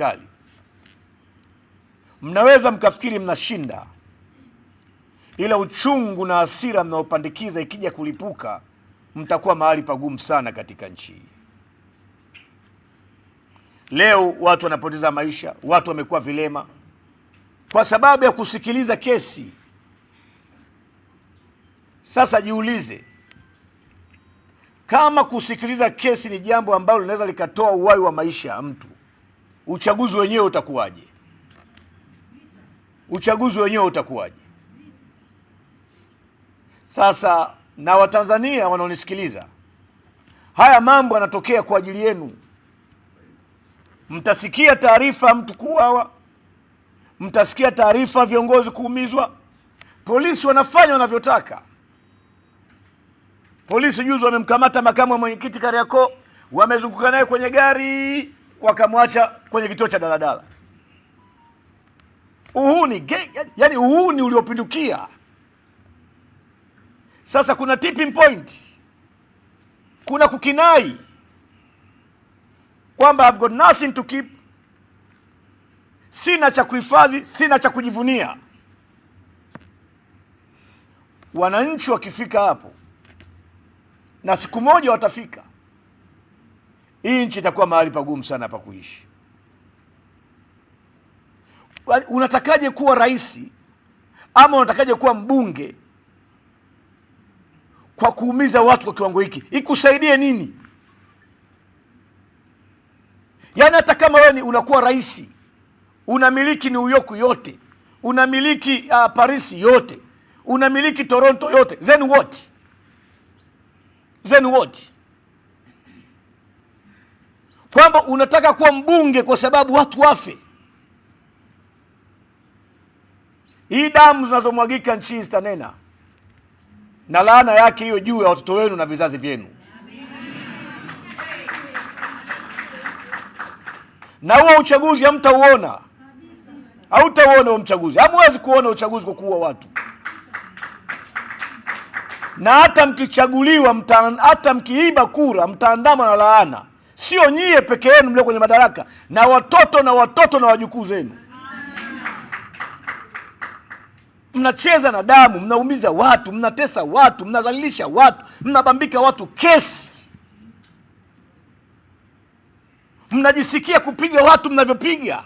serikali. Mnaweza mkafikiri mnashinda, ila uchungu na hasira mnaopandikiza ikija kulipuka, mtakuwa mahali pagumu sana katika nchi hii. Leo watu wanapoteza maisha, watu wamekuwa vilema kwa sababu ya kusikiliza kesi. Sasa jiulize, kama kusikiliza kesi ni jambo ambalo linaweza likatoa uhai wa maisha ya mtu uchaguzi wenyewe utakuwaje? Uchaguzi wenyewe utakuwaje? Sasa na Watanzania wanaonisikiliza, haya mambo yanatokea kwa ajili yenu. Mtasikia taarifa mtu kuuawa, mtasikia taarifa viongozi kuumizwa. Polisi wanafanya wanavyotaka. Polisi juzi wamemkamata makamu wa mwenyekiti Kariakoo, wamezunguka naye kwenye gari wakamwacha kwenye kituo cha daladala. Uhuni ge, yani uhuni uliopindukia. Sasa kuna tipping point, kuna kukinai kwamba I've got nothing to keep, sina cha kuhifadhi, sina cha kujivunia. Wananchi wakifika hapo, na siku moja watafika hii nchi itakuwa mahali pagumu sana pa kuishi. Unatakaje kuwa rais ama unatakaje kuwa mbunge kwa kuumiza watu kwa kiwango hiki? Ikusaidie nini? Yaani hata kama wewe ni unakuwa rais, unamiliki New York yote, unamiliki uh, Paris yote, unamiliki Toronto yote, then what? Then what? kwamba unataka kuwa mbunge kwa sababu watu wafe. Hii damu zinazomwagika nchini zitanena, na laana yake hiyo juu ya watoto wenu na vizazi vyenu. Na huo uchaguzi hamtauona, hautauona huo mchaguzi. Hamwezi kuona uchaguzi kwa kuua watu, na hata mkichaguliwa, hata mkiiba kura, mtaandama na laana sio nyie peke yenu mlio kwenye madaraka, na watoto na watoto na wajukuu zenu. Mnacheza na damu, mnaumiza watu, mnatesa watu, mnazalilisha watu, mnabambika watu kesi, mnajisikia kupiga watu mnavyopiga,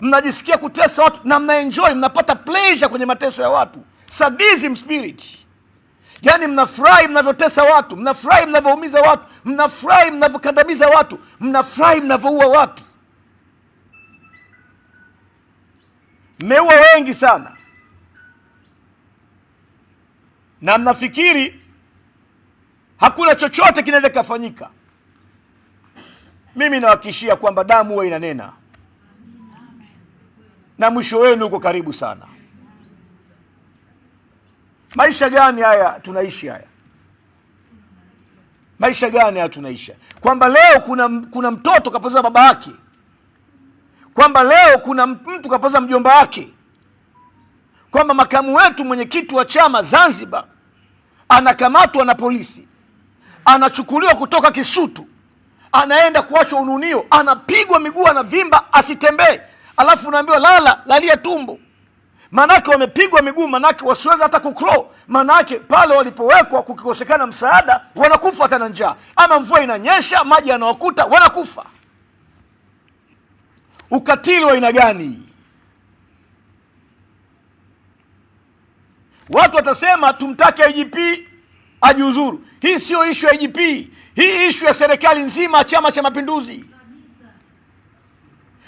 mnajisikia kutesa watu na mnaenjoy, mnapata pleasure kwenye mateso ya watu. Sadism spirit Yaani mnafurahi mnavyotesa watu, mnafurahi mnavyoumiza watu, mnafurahi mnavyokandamiza watu, mnafurahi mnavyoua watu. Mmeua wengi sana, na mnafikiri hakuna chochote kinaweza kikafanyika. Mimi nawakishia kwamba damu huwa inanena, na mwisho wenu uko karibu sana. Maisha gani haya tunaishi haya? Maisha gani haya tunaishi? Kwamba leo kuna, kuna mtoto kapoteza baba yake, kwamba leo kuna mtu kapoteza mjomba wake, kwamba makamu wetu mwenyekiti wa chama Zanzibar anakamatwa na polisi, anachukuliwa kutoka Kisutu, anaenda kuachwa Ununio, anapigwa miguu, anavimba asitembee, alafu unaambiwa lala, lalia tumbo Manake wamepigwa miguu, manake wasiweza hata kukro manake pale walipowekwa kukikosekana msaada, wanakufa hata njaa, ama mvua inanyesha, maji yanawakuta, wanakufa. Ukatili wa aina gani? Watu watasema tumtake IGP ajiuzuru. Hii siyo ishu ya IGP, hii ishu ya serikali nzima, Chama cha Mapinduzi.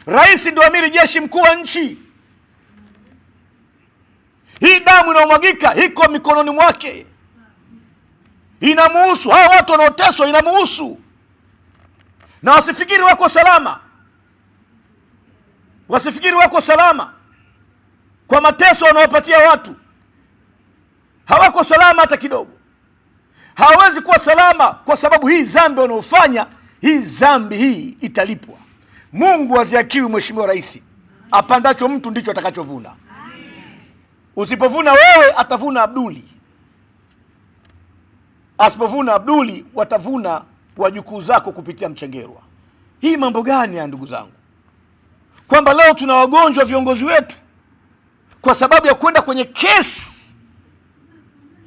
Rais ndo amiri jeshi mkuu wa nchi. Hii damu inayomwagika iko mikononi mwake, inamuhusu. Hawa watu wanaoteswa inamuhusu, na wasifikiri wako salama, wasifikiri wako salama kwa mateso wanaopatia watu. Hawako salama hata kidogo, hawawezi kuwa salama kwa sababu hii dhambi wanaofanya, hii dhambi hii italipwa. Mungu aziakiwi, Mheshimiwa Rais, apandacho mtu ndicho atakachovuna. Usipovuna wewe, atavuna Abduli. Asipovuna Abduli, watavuna wajukuu zako kupitia mchengerwa. Hii mambo gani ya ndugu zangu, kwamba leo tuna wagonjwa viongozi wetu kwa sababu ya kwenda kwenye kesi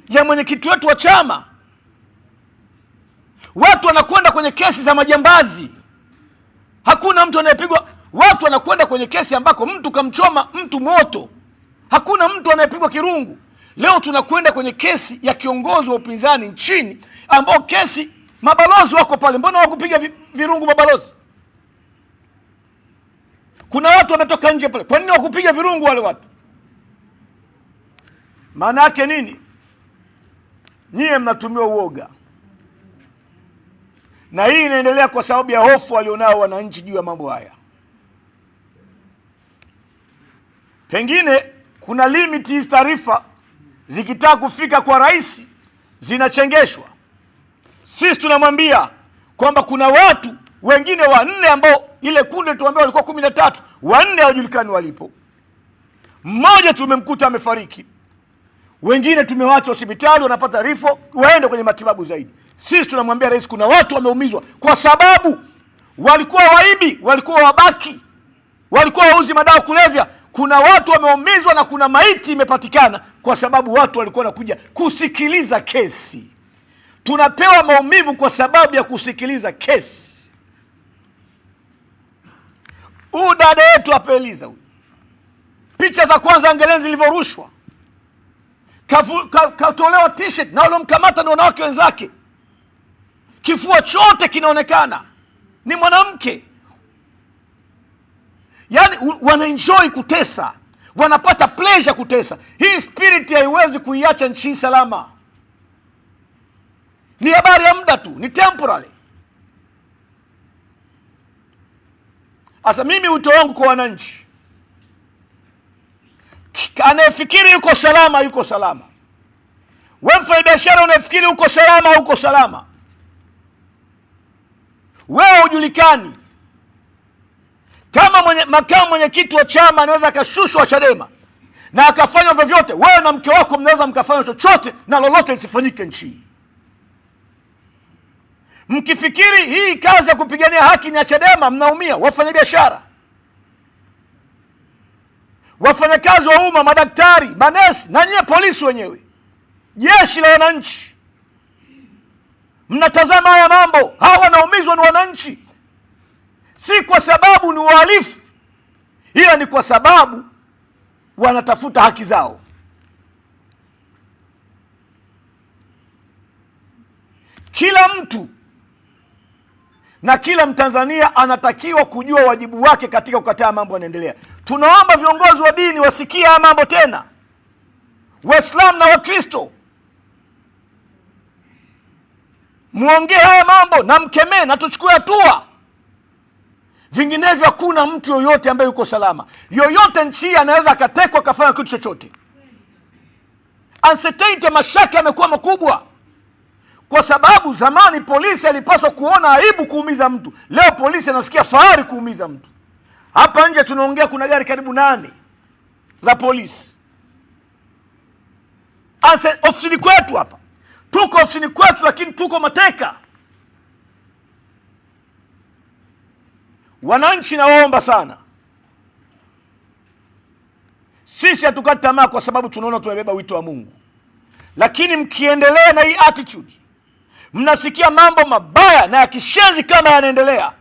ya mwenyekiti wetu wa chama. Watu wanakwenda kwenye kesi za majambazi, hakuna mtu anayepigwa. Watu wanakwenda kwenye kesi ambako mtu kamchoma mtu moto Hakuna mtu anayepigwa kirungu. Leo tunakwenda kwenye kesi ya kiongozi wa upinzani nchini, ambao kesi mabalozi wako pale, mbona wakupiga virungu mabalozi? Kuna watu wametoka nje pale, kwa nini wakupiga virungu wale watu? Maana yake nini? Nyiye mnatumia uoga, na hii inaendelea kwa sababu ya hofu walionao wananchi juu ya mambo haya pengine kuna limiti Hizi taarifa zikitaka kufika kwa rais zinachengeshwa. Sisi tunamwambia kwamba kuna watu wengine wanne ambao ile kundi tuambia walikuwa kumi na tatu, wanne hawajulikani walipo. Mmoja tumemkuta amefariki, wengine tumewacha hospitali wanapata rifo, waende kwenye matibabu zaidi. Sisi tunamwambia rais, kuna watu wameumizwa kwa sababu walikuwa waibi, walikuwa wabaki, walikuwa wauzi madawa kulevya, kuna watu wameumizwa na kuna maiti imepatikana, kwa sababu watu walikuwa wanakuja kusikiliza kesi. Tunapewa maumivu kwa sababu ya kusikiliza kesi. Huu dada yetu apeliza huyu, picha za kwanza Ngereza zilivyorushwa, katolewa t na waliomkamata ni wanawake wenzake, kifua chote kinaonekana, ni mwanamke yani wanaenjoi kutesa, wanapata pleasure kutesa. Hii spirit haiwezi kuiacha nchi salama, ni habari ya muda tu, ni temporary. Sasa mimi wito wangu kwa wananchi, anayefikiri yuko salama yuko salama, we biashara unayefikiri uko salama uko salama, wewe hujulikani kama mwenye, makamu mwenyekiti wa chama anaweza akashushwa Chadema na akafanywa vyovyote, wewe na mke wako mnaweza mkafanywa chochote na lolote lisifanyike nchi hii. Mkifikiri hii kazi ya kupigania haki ni ya Chadema, mnaumia. Wafanyabiashara, wafanyakazi wa umma, madaktari, manesi na nyie polisi wenyewe, jeshi la wananchi, mnatazama haya mambo. Hawa wanaumizwa ni wananchi si kwa sababu ni uhalifu ila ni kwa sababu wanatafuta haki zao. Kila mtu na kila Mtanzania anatakiwa kujua wajibu wake katika kukataa mambo yanaendelea. Tunaomba viongozi wa dini wasikie haya mambo tena, Waislamu na Wakristo muongee haya mambo na mkemee na tuchukue hatua. Vinginevyo hakuna mtu yoyote ambaye yuko salama. Yoyote nchi hii anaweza akatekwa akafanya kitu chochote. Uncertainty, mashaka yamekuwa makubwa, kwa sababu zamani polisi alipaswa kuona aibu kuumiza mtu, leo polisi anasikia fahari kuumiza mtu. Hapa nje tunaongea, kuna gari karibu nane za polisi ofisini kwetu hapa, tuko ofisini kwetu, lakini tuko mateka. Wananchi nawaomba sana, sisi hatukati tamaa, kwa sababu tunaona tumebeba wito wa Mungu, lakini mkiendelea na hii attitude, mnasikia mambo mabaya na ya kishenzi kama yanaendelea,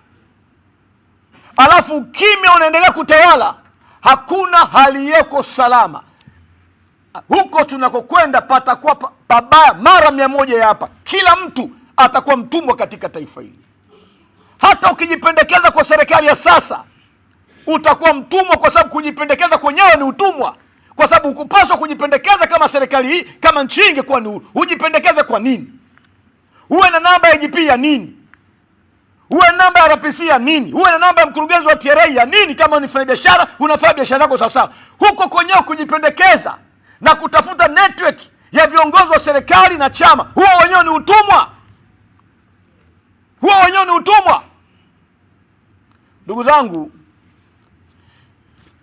alafu ukimya unaendelea kutawala, hakuna yeko salama. Huko tunakokwenda patakuwa pabaya mara mia moja ya hapa. Kila mtu atakuwa mtumwa katika taifa hili. Hata ukijipendekeza kwa serikali ya sasa utakuwa mtumwa, kwa sababu kujipendekeza kwenyewe ni utumwa, kwa sababu hukupaswa kujipendekeza kama serikali hii, kama nchi hii ingekuwa ni huru. Hujipendekeze kwa nini? Uwe na namba ya IGP ya nini? Uwe na namba ya RPC ya nini? Uwe na namba ya mkurugenzi wa TRA ya nini? Kama ni biashara, unafanya biashara yako sawasawa. Huko kwenyewe kujipendekeza na kutafuta network ya viongozi wa serikali na chama, huo wenyewe ni utumwa, huo wenyewe ni utumwa. Ndugu zangu,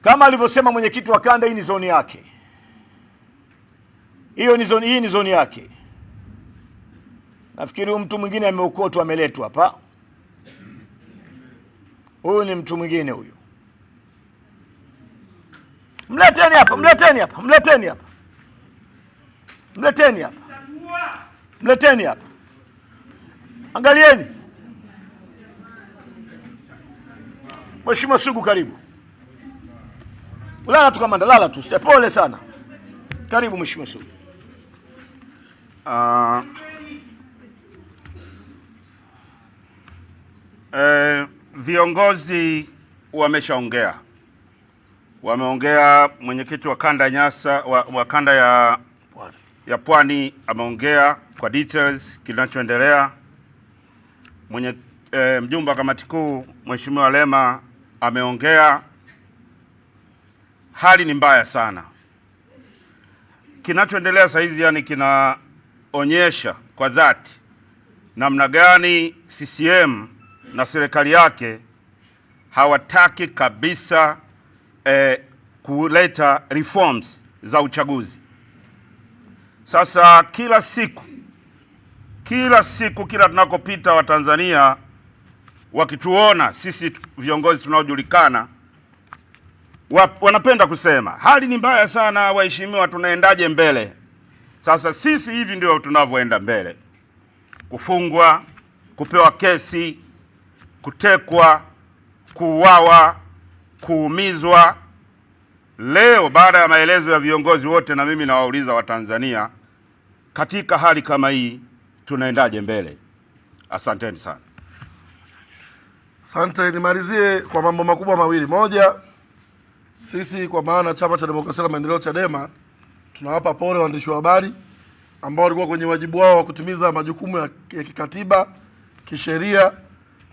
kama alivyosema mwenyekiti wa kanda, hii ni zoni yake, hiyo ni zoni, hii ni zoni yake. Nafikiri huyu mtu mwingine ameokotwa, ameletwa hapa. Huyu ni mtu mwingine huyu. Mleteni hapa, mleteni hapa, mleteni hapa, mleteni hapa, mleteni hapa, angalieni. Mheshimiwa Sugu, karibu. Lala tu kamanda, lala tu. Pole sana. Karibu Mheshimiwa Sugu. Uh, eh, viongozi wameshaongea, wameongea. Mwenyekiti wa kanda Nyasa wa, wa kanda ya ya Pwani ameongea kwa details kinachoendelea. Mwenye eh, mjumbe wa kamati kuu Mheshimiwa Lema ameongea. Hali ni mbaya sana, kinachoendelea sasa hizi yani kinaonyesha kwa dhati namna gani CCM na serikali yake hawataki kabisa eh, kuleta reforms za uchaguzi. Sasa kila siku kila siku kila tunakopita Watanzania wakituona sisi viongozi tunaojulikana wanapenda kusema hali ni mbaya sana, waheshimiwa, tunaendaje mbele? Sasa sisi hivi ndio tunavyoenda mbele: kufungwa, kupewa kesi, kutekwa, kuuawa, kuumizwa. Leo baada ya maelezo ya viongozi wote, na mimi nawauliza Watanzania, katika hali kama hii tunaendaje mbele? Asanteni sana. Asante, nimalizie kwa mambo makubwa mawili. Moja, sisi kwa maana chama cha demokrasia na maendeleo Chadema tunawapa pole waandishi wa habari ambao walikuwa kwenye wajibu wao wa kutimiza majukumu ya, ya kikatiba, kisheria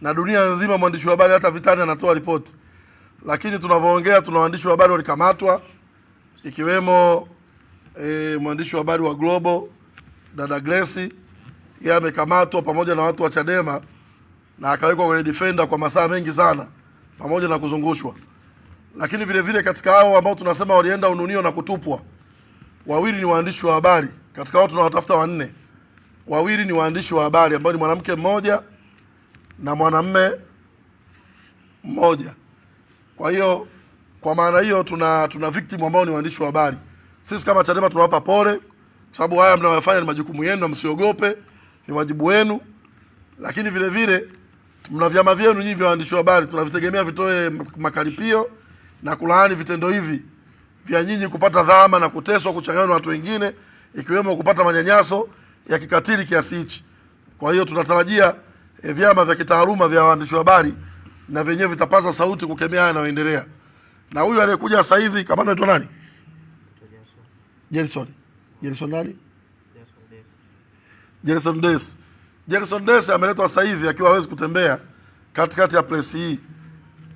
na dunia nzima. Mwandishi wa habari hata vitani anatoa ripoti, lakini tunavyoongea tuna waandishi wa habari walikamatwa, ikiwemo e, mwandishi wa habari wa Global dada Grace, yeye amekamatwa pamoja na watu wa Chadema na akawekwa kwenye defender kwa masaa mengi sana pamoja na kuzungushwa. Lakini vile vile katika hao ambao tunasema walienda ununio na kutupwa, wawili ni waandishi wa habari. Katika watu tunawatafuta wanne, wawili ni waandishi wa habari ambao ni mwanamke mmoja na mwanamme mmoja. Kwa hiyo kwa maana hiyo tuna tuna victim ambao ni waandishi wa habari. Sisi kama Chadema tunawapa pole, kwa sababu haya mnayofanya ni majukumu yenu, msiogope, ni wajibu wenu, lakini vile vile mna vyama vyenu nyinyi vya waandishi wa habari, tunavitegemea vitoe makaripio na kulaani vitendo hivi vya nyinyi kupata dhama na kuteswa, kuchanganywa na watu wengine, ikiwemo kupata manyanyaso ya kikatili kiasi hichi. Kwa hiyo tunatarajia e, vyama vya kitaaluma vya waandishi wa habari na vyenyewe vitapaza sauti kukemea haya yanayoendelea. Na huyu aliyekuja sasa hivi, kamanda anaitwa nani? Jerison. Jerison nani? Jerison Des. Jackson Dese ameletwa sasa hivi akiwa hawezi kutembea katikati ya presi hii.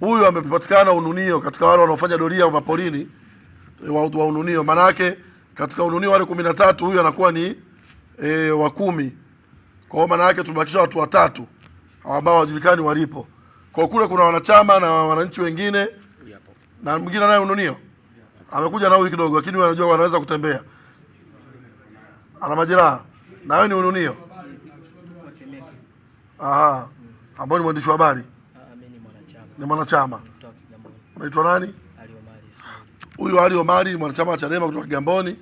Huyu amepatikana ununio katika wale wanaofanya doria mapolini eh, wa, wa ununio. Maana yake katika ununio wale 13 huyu anakuwa ni e, wa kumi. Kwa hiyo maana yake tumebakisha watu watatu ambao hawajulikani walipo. Kwa kule kuna wanachama na wananchi wengine na mwingine naye ununio. Amekuja na huyu kidogo lakini wanajua wanaweza kutembea. Ana majeraha. Na wewe ni ununio. Aha. Ambao ni mwandishi wa habari? Ah, ni mwanachama. Unaitwa nani? Huyu Ali Omari ni mwanachama wa Chadema kutoka Kigamboni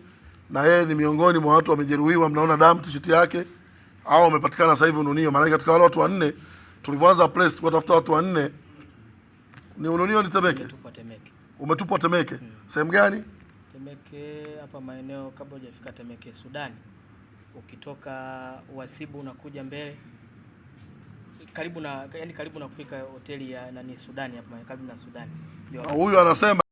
na yeye ni miongoni mwa watu wamejeruhiwa, mnaona damu tishiti yake au wamepatikana sasa hivi Ununio. Maana katika wale watu wanne tulivyoanza press tafuta watu wanne ni Ununio ni Temeke. Umetupwa Temeke. Hmm. Sehemu gani? Temeke hapa maeneo kabla hujafika Temeke Sudani. Ukitoka Wasibu unakuja mbele karibu na yani karibu na kufika hoteli ya nani Sudani hapa karibu na Sudani. Huyu anasema